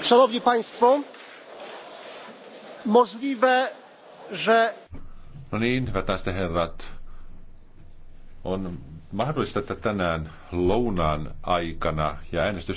Szanowni Państwo, możliwe, że... No niin, hyvät naiset herrat. On mahdollista, että tänään lounaan aikana ja äänestys